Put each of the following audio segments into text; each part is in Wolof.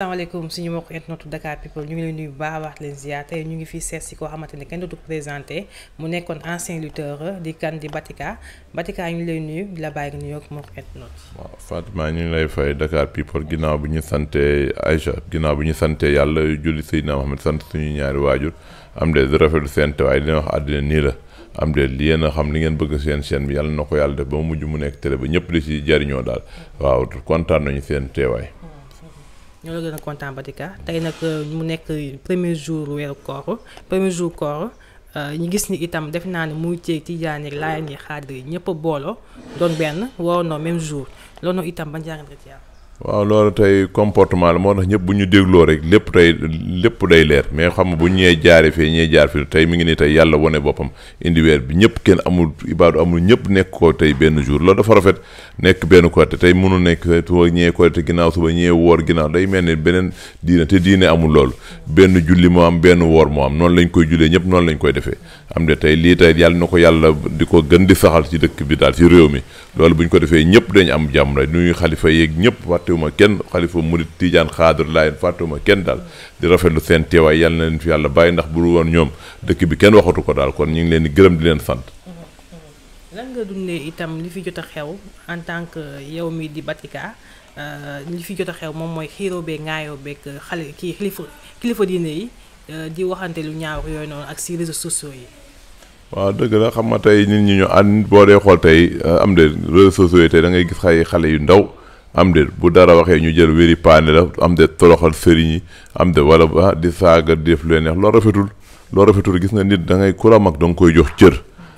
asalaamaaleykum suñu mbokk internet Dakar People ñu ngi leen nuyu bu baax wax leen ziar tey ñu ngi fi seet si koo xamante ne kenn dootu présenté mu nekkoon ancien lutteur di kan di Batika Batika ñu ngi lay nuyu di la bàyyi nga nuyoo ak mbokk internet. waaw ñu ngi lay fay Dakar People ginnaaw bi ñu sante Aïcha ginnaaw bi ñu sante yàlla julli Seydina Mohamed sant suñu ñaari waajur am de rafetlu seen tawaay dina wax àddina nii la am de li yéen a xam li ngeen bëgg seen chaîne bi yàlla na ko yàlla def ba mu mujj mu nekk télé ba ñëpp di si jariñoo daal mm-hmm. waaw kontaan nañu seen teewaay. ñoo la gën a kontaan Batika tey nag euh, mu nekk premier jour weeru koor premier jour koor euh, ñu gis ni itam def naa ne muy ceeg tijaan yi laayeen yi xaadir yi ñëpp booloo doon benn waroon même jour loolu itam ba jàngat nga waaw loolu tey comportement la moo tax ñëpp bu ñu dégloo rek lépp tey lépp day leer mais xam nga bu ñee jaare fee ñee jaar fi tey mi ngi nii tey yàlla wone boppam indi bi ñëpp kenn amul ibaadu amul ñëpp nekk ko tey benn jour loolu dafa rafet nekk benn côté tey mënu nekk suba ñee côté ginnaaw suba ñee woor ginnaaw day mel ni beneen diine te diine amul loolu benn julli moo am benn woor moo am noonu lañ koy jullee ñëpp noonu lañ koy defee am de tey lii tey yàlla na ko yàlla di ko gën di saxal ci dëkk bi daal ci réew mi loolu bu ñu ko defee ñëpp dañu am jàmm rek ñuy xalifa yeeg ñëpp fàttewuma kenn xalifa murit tiijaan xaadir laayen fàttewuma kenn daal di rafetlu seen teewaay yal na leen fi yàlla bàyyi ndax bu dul woon ñoom dëkk bi kenn waxatu ko daal kon ñu ngi leen di gërëm di leen sant lan nga dundee itam li fi jot a xew en tant que yow mi di Batika euh, li fi jot a xew moom mooy xiiroo bee ngaayoo beeg xale kii kilifa kilifa diine yi euh, di waxante lu ñaaw yooyu noonu ak si réseaux sociaux yi. waaw dëgg la xam nga tey nit ñi ñu ànd boo dee xool tey euh, am de bu dara waxee ñu jël wéri paane la am de toroxal sëriñ yi am de wala ba di saaga def lu neex loo rafetul loo rafetul gis nga nit da ngay ku la mag da koy jox cër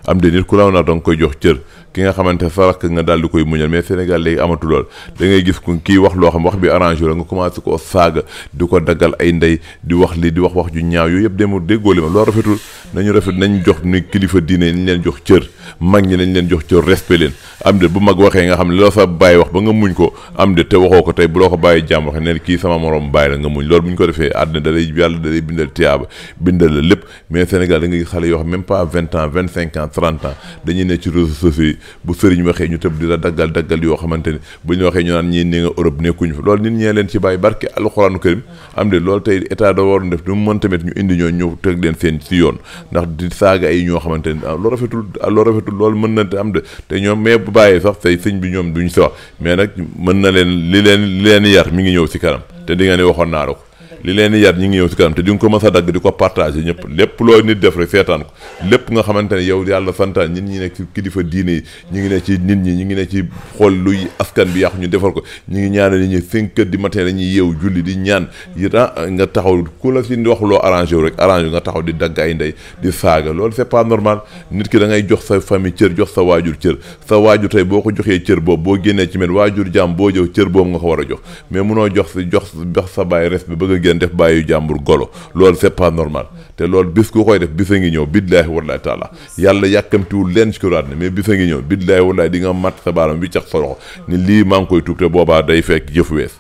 am de nit ku la nag da koy jox cër ki nga xamante farak nga daal di koy muñal mais Sénégal léegi amatu lool da ngay gis ku kii wax loo xam wax bi arrangé la nga commencé ko saaga di ko daggal ay ndey di wax li di wax wax ju ñaaw yooyu yëpp dem déggoo li ma loolu rafetul nañu rafet nañ jox ni kilifa diine nañ leen jox cër mag ñi nañ leen jox cër respect leen am de bu mag waxee nga xam ne loo sa bàyyi wax ba nga muñ ko am de te waxoo ko tey bu loo ko bàyyi jàmm waxee ne kii sama morom bàyyi nga muñ loolu bu ñu ko defee àddina da lay yàlla lépp mais Sénégal da nga gis xale yoo xam même pas vingt ans vingt cinq ne ci réseaux sociaux bu sëriñ waxee ñu tëb di la daggal daggal yoo xamante ne bu ñu waxee ñu naan ñii ni nga Europe nekkuñu fa loolu nit ñee leen ci bàyyi barke alxuraanu karim am de loolu tey état da waroon def du mu mën tamit ñu indi ñoo ñëw teg leen seen ci yoon ndax di saaga ay ñoo xamante ne ah loo rafetul ah loo rafetul loolu mën na am de te ñoom mais bu bàyyee sax tey sëñ bi ñoom duñ si wax mais nag mën na leen li leen li leen yar mi ngi ñëw si kanam te di nga ne waxoon naa la li leen di yar ñi ngi ñëw ci kanam te di nga ko mës a dagg di ko partagé ñëpp lépp loo nit def rek seetaan ko lépp nga xamante ne yow yàlla santaan nit ñi nekk ci kilifa diine yi ñu ngi ne ci nit ñi ñu ngi ne ci xool luy askan bi yàqu ñu defal ko ñu ngi ñaanal nit ñi cinq heures du matin ñuy yeewu julli di ñaan yi nga taxaw ku la si wax loo arrangé wu rek nga taxaw di dagg ay ndey di saaga loolu c'est pas normal nit ki da ngay jox sa famille cër jox sa waajur cër sa waajur tey boo ko joxee cër boobu boo génnee ci met waajur jàmm boo jëw cër boobu nga ko war a jox mais munoo jox jox jox sa baay res bi bëgg ngeen def bàyyi jàmbur golo loolu c'est pas normal te loolu bis ku koy def a ngi ñëw billaahi wallaahi taala yàlla yàkkamtiwul leen ci kuraat ne mais a ngi ñëw billaahi wallaahi di nga mat sa baaram wiccax sa loxo ni lii maa ngi koy tuub te boobaa day fekk jëf wees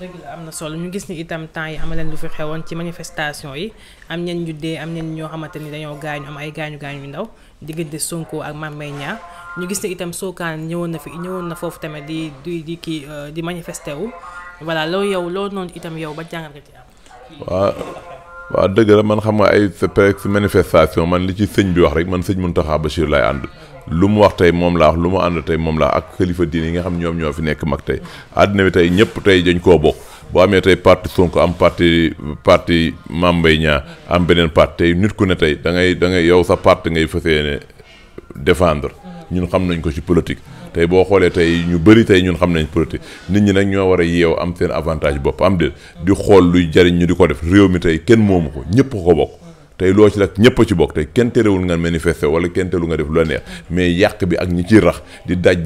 dëgg la am na solo ñu gis ni itam temps yi amaleen lu fi xewoon ci manifestation yi am ñen ñu dee am ñen ñoo xamante ni dañoo gaañu am ay gaañu gaañu yu ndaw diggante Sonko ak Mame ñu gis ne itam Sokane voilà loolu yow loolu noonu itam yow ba jàngat nga ci dëgg la man xam nga ay préex manifestation man li ci sëñ bi wax rek man sëñ Mountakha Bachir laay ànd lu mu wax tey moom laa wax lu mu ànd tey moom laa ak xalifa diine yi nga xam ñoom ñoo fi nekk mag tey àddina bi tey ñëpp tey dañ koo bokk boo amee tey parti Sonko am parti parti Mame Mbaye Niang am beneen parti tey nit ku ne tey da ngay da ngay yow sa parti ngay fas yéene défendre ñun xam nañ ko ci politique tey boo xoolee tey ñu bëri tey ñun xam nañ politique nit ñi nag ñoo war a yeew am seen avantage bopp am de di xool luy jariñ ñu di ko def réew mi tey kenn moomu ko ñëpp ko bokk tey loo ci rek ñëpp a ci bokk tey kenn terewul nga manifester wala kenn terewul nga def lu la neex mais yàq bi ak ñi ciy rax di daj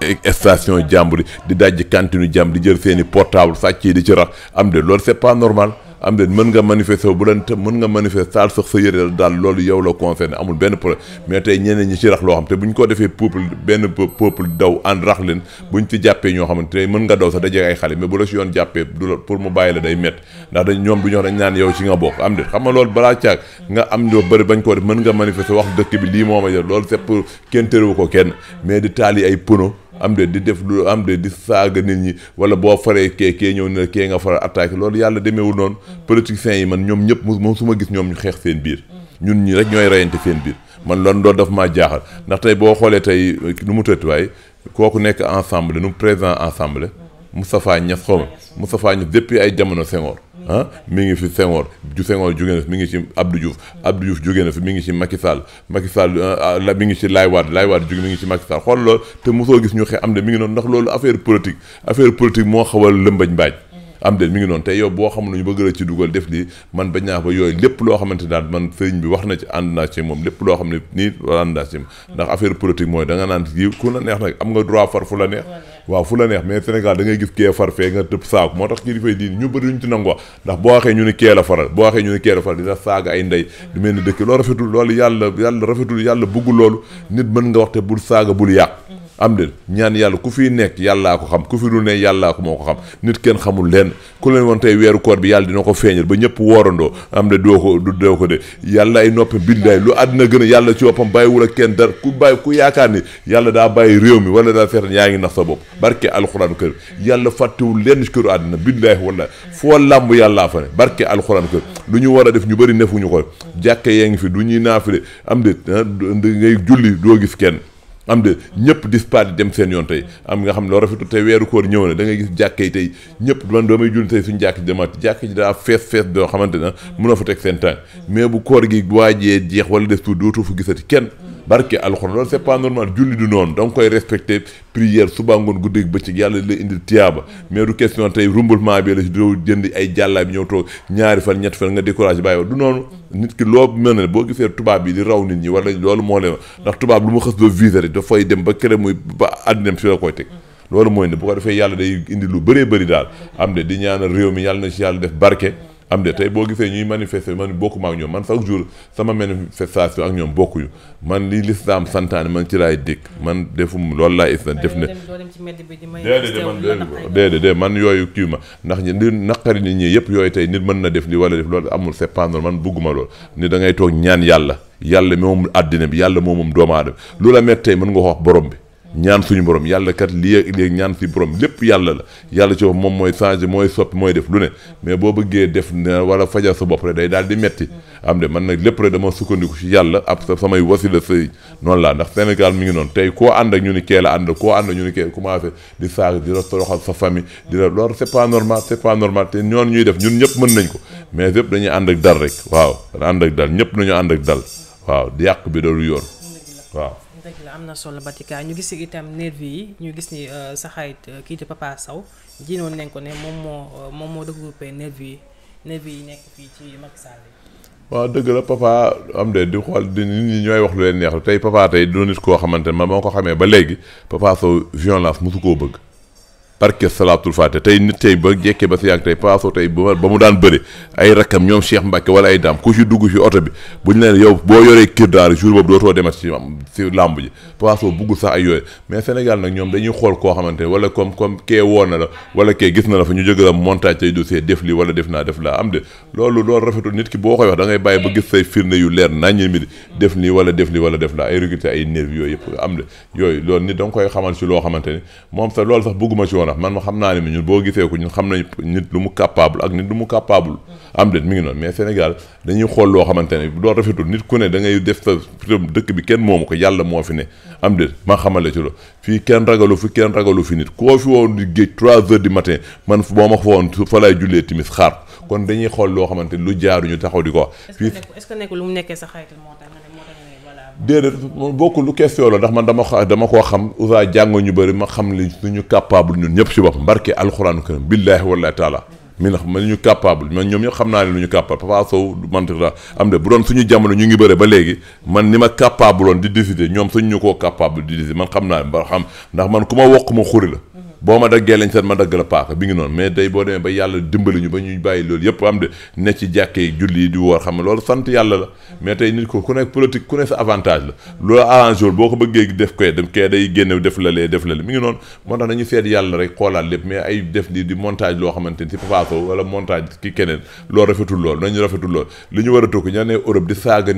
estation station jàmbur di daj ji cantine jàmbur di jël seen i portable sàcc yi di ci rax am de loolu c'est pas normal am den mën nga manifester bu leen mën nga manifester taal sax sa yëre daal loolu yow la concerné amul benn problème mais tey ñeneen ñi ci rax loo xam te bu ñu ko defee peuple benn peuple daw ànd rax leen bu ñu ci jàppee ñoo xamante ne mën nga daw sax dajee ay xale mais bu la si yoon jàppee du la pour mu bàyyi la day métti ndax dañ ñoom du ñu dañ naan yow ci nga bokk am den xam nga loolu balaa caag nga am do bañ koo def mën nga manifester wax dëkk bi lii moo loolu c'est pour kenn tëréwu ko kenn mais di taal yi ay pono am de di def lu am de di saaga nit ñi wala boo faree kee kee ñëw ne kee nga faral attaqué loolu yàlla demeewul noonu mm. politiciens yi man ñoom ñëpp moom su ma gis ñoom ñu xeex seen biir mm. ñun ñi rek ñooy reyante seen biir man loolu loolu daf maa jaaxal mm. ndax tey boo xoolee tey nu mu tëtuwaay kooku nekk ensemble nu président ensemble Moustapha Niass xaw mu Moustapha Niass depuis ay jamono Senghor ah mi ngi fi Senghor ju Senghor jóge na fi mi ngi ci Abdou Diouf Abdou Diouf jóge fi mi ngi ci Macky Sall Macky Sall ah, mi ngi ci Laye Wade Laye Wade jóge mi ngi ci Macky Sall xool loolu te mosoo gis ñu xee am de mi ngi noonu ndax loolu affaire politique affaire politique moo xawal lëmbañ mbaaj am de mi ngi noonu tey yow boo xam ñu bëgg la ci dugal def lii man bañ naa ba yooyu lépp loo xamante daal man sëriñ bi wax na ci ànd naa ci moom lépp loo xam ne nii ànd naa ci ndax affaire politique mooy da naan kii la neex nag am nga droit far fu la waaw fu la neex mais Sénégal dangay ngay gis kee far fee nga tëb saaku moo tax kilifa yi diine ñu bëri ñu ci nangu wax ndax boo waxee ñu ne kee la faral boo waxee ñu ne kee la faral dina saaga ay ndey du mel ni dëkk loolu rafetul loolu yàlla yàlla rafetul yàlla bëggul loolu nit mën nga waxte bul saaga bul yàq am de ñaan yàlla ku fi nekk yàllaa ko xam ku fi dul ne yàllaa ko moo ko xam nit kenn xamul leen ku leen woon tey weeru koor bi yàlla dina ko feeñal ba ñëpp woorandoo am de doo ko du doo ko de yàlla ay noppi bindaay lu àddina gën a yàlla ci boppam bàyyiwul a kenn dara ku bàyyi ku yaakaar ni yàlla daa bàyyi réew mi wala daa feetan yaa ngi nax sa bopp barke alxuraan kër yàlla fàttewul lenn ci këru àddina bindaay wala foo làmb yàllaa fa ne barke alxuraan kër lu ñu war a def ñu bëri nefuñu ko jàkke yee ngi fi du ñuy naafile am de ah, ngay julli doo gis kenn am de ñëpp dispari dem seen yoon tey am nga xam loo rafetu te weeru koor ñëw na da ngay gis jàkkee tey ñëpp man doomay julli tey suñu jàkk ji demaat jàkk ji daa fees fees doo xamante na mënoo fa teg seen tànk mais bu koor gi waajee jeex wala des tuuti dootoo fa gisati kenn barke alxuraan loolu c'est pas normal julli du noonu da koy respecté prière suba ngoon guddeeg bëccëg yàlla di la indil tiyaaba mais du question tey rumblement bi la si doo jënd ay jàllaa bi ñëw toog ñaari fan ñett fan nga découragé bàyyi du noonu nit ki loo mel ne boo gisee tubaab bi di raw nit ñi wala loolu moo leen ndax tubaab lu ma xës ba visé rek dafay dem ba kere muy ba àddinam fi la koy teg loolu mooy ne bu ko defee yàlla day indi lu bëree bëri daal am de di ñaanal réew mi yàlla si yàlla def barke am de tey boo gisee ñuy manifester man bokkuma ak ñoom man chaque jour sama manifestation ak ñoom bokkuñu man li lislaam santaane man ci laay dikk man defum loolu laay islam def ne déedéet man déedéet man yooyu kii ma ndax ñu li naqari nit ñi yëpp yooyu tey nit mën na def nii wala def loolu amul c'est man bugguma loolu ni da ngay toog ñaan yàlla yàlla moom àddina bi yàlla moom moom doomu aadama lu la metti tey mën nga ko wax borom bi ñaan suñu borom yàlla kat lii léeg ñaan suñu borom lépp yàlla la yàlla ci moom mooy changer mooy soppi mooy def lu ne mais boo bëggee def na wala fajal sa bopp rek day daal di metti am de man nag lépp rek dama sukkandiku ci yàlla ab sa samay wasila sëy noonu laa ndax Sénégal mu ngi noonu tey koo ànd ak ñu ni kee la ànd koo ànd ak ñu sa famille di la loolu c'est pas normal c'est te ñoon ñuy def ñun ñëpp mën nañ ko mais yëpp dañuy ànd ak dal rek waaw ànd ak dal ñëpp nañu ànd ak dal waaw di yàq bi dalu yoon waaw dëgg la am na solo Batika ñu gis itam nervi yi ñu gis ni euh, sa xarit euh, kii di Papa Sow jiinoon nañ ko ne moom moo euh, moom moo regroupé nervi yi nervi yi nekk fii ci Macky Sall waaw dëgg la papa am de di xool di nit ñi ñooy wax lu leen neex tey papa tey doo nit koo xamante ne man moo ko xamee ba léegi Papa Sow violence mosu koo bëgg barke salaatul faate tey nit tey ba jekkee ba si yàgg tey paaso tey ba mu daan bëri ay rakkam ñoom Cheikh Mbacke wala ay daam ku ci dugg ci oto bi bu ñu leen yow boo yoree kir daal jour ci si làmb ji paaso buggul sax ay yooyu mais Sénégal nag ñoom dañuy xool koo xamante ne wala comme comme kee woon na la wala kee gis na la fa ñu jóge la montage tay dossier def li wala def naa def laa am de loolu loolu rafetul nit ki boo koy wax da ngay bàyyi ba gis say firnde yu leer naññe mi def nii wala def wala def laa ay recruté ay nervi yooyu yëpp am de yooyu loolu nit da nga koy xamal ci loo xamante ne ndax man ma xam naa ne mi ñun boo gisee ko ñun xam nañ nit lu mu capable ak nit lu mu capable am déet mi ngi noonu mais Sénégal dañuy xool loo xamante ne doo rafetul nit ku ne da ngay def sa bi kenn moomu ko yàlla moo fi ne am déet ma fii kenn ragalu fi kenn ragalu fi nit koo fi woon di géej trois heures du matin man boo ma fa woon fa laay jullee timis xaar kon dañuy xool loo xamante lu jaaru ñu taxaw di ko wax déedéet bokk lu question la ndax man dama xa dama koo xam ousa jàngoo ñu bari ma xam li suñu capable ñun ñëpp si boppam barke alxuraanu karim billaahi wallaahi taala mi na man ñu capable man ñoom ñëpp xam naa ne lu ñu capable Papa Sow am de bu doon suñu jamono ñu ngi bëre ba léegi man ni ma capable di décider ñoom suñ ñu koo capable di décider man xam naa ba xam ndax man ku ma wokk ma xuri la boo ma daggee lañ seet ma dagg la paaka bi ngi noonu mais day boo demee ba yàlla dimbali ñu ba ñuy bàyyi loolu yëpp am de ne ci jàkkee julli yi di woor xam ne loolu sant boo ko bëggee def koy dem kee day génne def la lee def la lee mi ngi noonu moo tax nañu seet yàlla rek xoolaat lépp mais ay def lii di montage loo xamante ni si Papa montage ki keneen loolu rafetul lool nañu rafetul lool li ñu war a toog ña ne Europe di saaga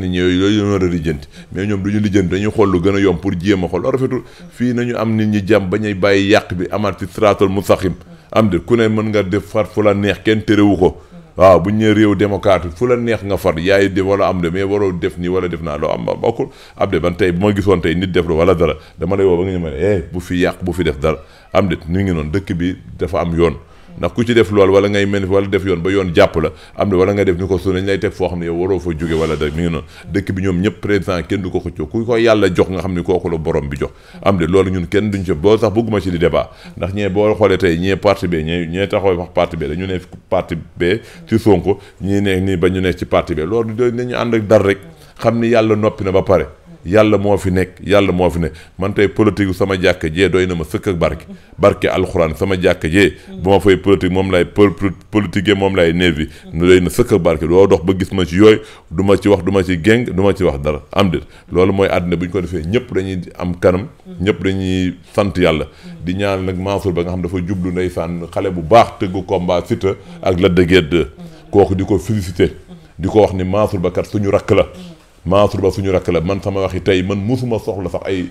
ci siraatal mustaqim am de ku ne mën nga def far fu la neex kenn térewu ko waaw bu ñu nee réew démocratique fu la neex nga far yaay de wala am de mais waroo def nii wala def naa loo am bokkul am de ban tey bu ma gisoon tey nit def la wala dara dama lay woo ba nga ñëw ma ne eh bu fi yàq bu fi def dara am de ñu ngi noonu dëkk bi dafa am yoon ndax ku ci def loolu wala ngay mel wala def yoon ba yoon jàpp la am na wala nga def ni ko su nañ lay teg foo xam ne waroo fa jóge wala da mi bi ñoom ñëpp président kenn du ko xëccoo ku ko yàlla jox nga xam ne kooku la borom bi jox am loolu ñun kenn duñ ci boo sax bëgguma ci di débat ndax ñee boo xoolee tey ñee parti bee ñee ñee taxaw wax parti bee dañu ne parti bee ci Sonko ñii ne nii ba ñu nekk ci parti bee loolu dañu ànd ak dara rek xam ni yàlla noppi na ba pare yàlla moo fi nekk yàlla moo fi nekk man tey politique sama jàkk jee doy na ma sëkk barke barke alxuraan sama jàkk jee bu ma fay politique moom lay politique moom lay néevi nu doy na sëkk ak barke doo dox ba gis ma ci yooyu duma ci wax duma ma ci géng du ci wax dara am déet loolu mooy àddina bu ñu ko defee ñëpp dañuy am kanam ñëpp dañuy sant yàlla di ñaar nag Mansour ba nga xam dafa jublu ndeysaan xale bu baax tëgg combat Siteu ak Lac de kooku di ko félicité di ko wax ni Mansour Ba suñu rakk la Mansour Ba suñu rakk la man sama wax waxi tey man musuma soxla sax ay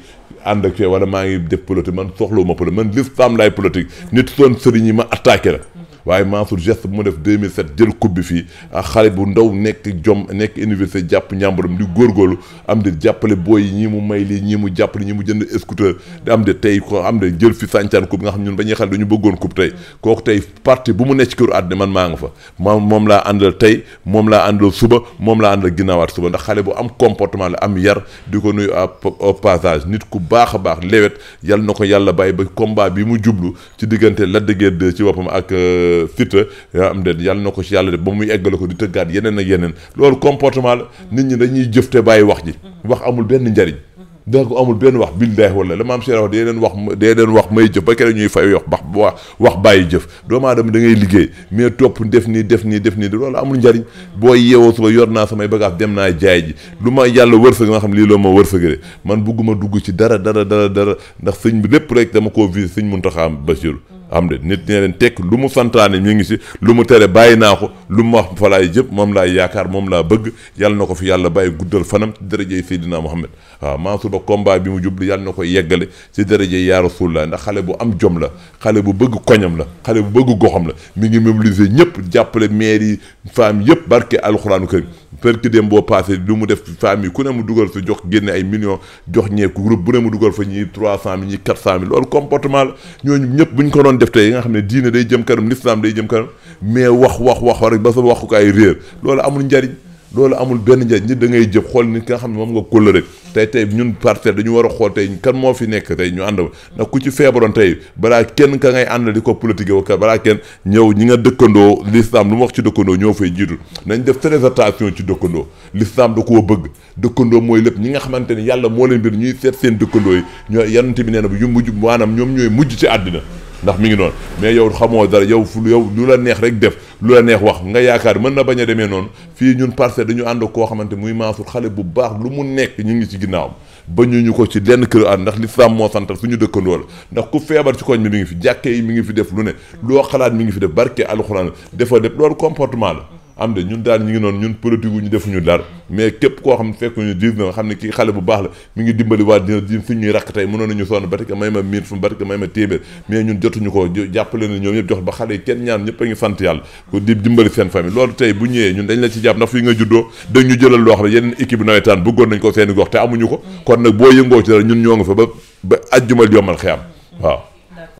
ànd ak wala maa ngi def politique man soxlawuma politique man lislaam laay politique nit soon sëriñ ma attaqué la waaye Mansour geste bu mu def 2007 jël coupe bi fii ah, xale bu ndaw nekk jom nekk université jàpp ñàmbaram di góorgóorlu am di jàppale booy ñi mu may lii ñi mu jàppale ñi mu jënd scooter di am de tey ko am de jël fi sàncaan coupe nga xam ñun ba ñuy xale dañu bëggoon coupe tey kooku tey parti bu mu nekk ci këru àddina man maa nga fa moom moom laa àndal tey moom laa àndal suba moom laa àndal ginnaawaat suba ndax xale bu am comportement la am yar di ko nuyu au passage nit ku baax a baax lewet yal na ko yàlla bàyyi ba combat bi mu jublu ci diggante Lac de Guiers 2 ci boppam ak euh, Siteu am déet yàlla na ko ci yàlla def ba muy eggale ko di tëggaat yeneen ak yeneen loolu comportement la mm-hmm. nit ñi dañuy jëf te bàyyi wax ji mm-hmm. wax amul benn njariñ mm-hmm. da ko amul benn wax billahi wala la maam Cheikh wax dee leen wax dee leen wax may jëf ba keneen ñuy fay wax wax wax bàyyi jëf doomu aadama da ngay liggéey mais topp def nii def nii def nii loolu amul njariñ boo yeewoo suba yor naa samay bagaas dem naa jaay ji lu ma yàlla wërsëg nga xam lii loo ma wërsëgale man bugguma dugg ci dara dara dara dara ndax sëñ bi lépp rek dama koo visé sëñ Muntaxa Basiru am de nit ñee leen tekk lu mu santaane ñu ngi si lu mu tere bàyyi naa ko lu mu wax fa jëpp moom laay yaakaar moom laa bëgg yàlla na ko fi yàlla bàyyi guddal fanam ci dërëjey Seydina Muhammad waaw Mansour Ba combat bi mu jublu yàlla na koy yeggale ci dërëjey yaa Rasulullah ndax xale bu am jom la xale bu bëgg koñam la xale bu bëgg goxam la mu ngi mobiliser ñëpp jàppale maire yi femmes yëpp barke alxuraanu karim perki dem boo passé lu mu def famille ku ne mu dugal fa jox génne ay millions jox ñeeku groupe bu ne mu dugal fa ñii trois cent mille ñii quatre cent mille loolu comportement la ñooñu ñëpp bu ñu ko doon def tey nga xam ne diine day jëm kanam l'islam day jëm kanam mais wax wax wax rek ba sa waxukaay réer loolu amul njariñ loolu amul benn njëriñ ñi da ngay jëf xool nit ki nga xam ne moom nga kólla rek tey tey ñun partenaire dañu war a xool tey kan moo fi nekk tey ñu ànd ndax ku ci feebaroon tey balaa kenn ka ngay àndal di ko politique wala balaa kenn ñëw ñi nga dëkkandoo l'islam lu wax ci dëkkandoo ñoo fay jiitu nañ def très attention ci dëkkandoo l'islam da koo bëgg dëkkandoo mooy lépp ñi nga xamante ni yàlla moo leen bir ñuy seet seen dëkkandoo yi ñoo yanante bi nee na bu yu ñoom ñooy mujj ci àddina ndax mi ngi noonu mais yow xamoo dara yow fu yow lu la neex rek def lu la neex wax nga yaakaar mën na bañ a demee noonu fii ñun parcelle dañu ànd koo xamante muy Mansour xale bu baax lu mu nekk ñu ngi ci ginnaaw ba ñu ñu ko ci lenn kër ànd ndax lislaam moo santal suñu dëkkandoo la ndax ku feebar ci koñ bi mi ngi fi jàkkee yi mi ngi fi def lu ne loo xalaat mi ngi fi def barke alxuraan dafa def loolu comportement la am de ñun daal ñu ngi noonu ñun politique wu ñu defuñu dara mais képp koo xam ne fekk ne kii xale bu baax la mu ngi dimbali waa dina di fi ñuy rakk tey mënoon nañu sonn batike may ma miir fu batike may ma téeméer mais ñun jotuñu ko jàppale na ñoom ñëpp jox ba xale yi kenn ñaan ñëpp a ngi sant yàlla ko di dimbali seen famille loolu tey bu ñëwee ñun dañ la ci jàpp ndax fii nga juddoo dañ ñu jëlal loo xam ne yeneen équipe nawetaan bëggoon nañ ko seen gox te amuñu ko kon nag boo yëngoo ci dara ñun ñoo nga fa ba ba waaw